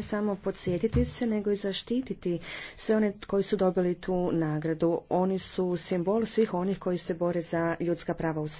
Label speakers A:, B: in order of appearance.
A: ne samo podsjetiti se, nego i zaštititi sve one koji su dobili tu nagradu. Oni su simbol svih onih koji se bore za ljudska prava u svijetu.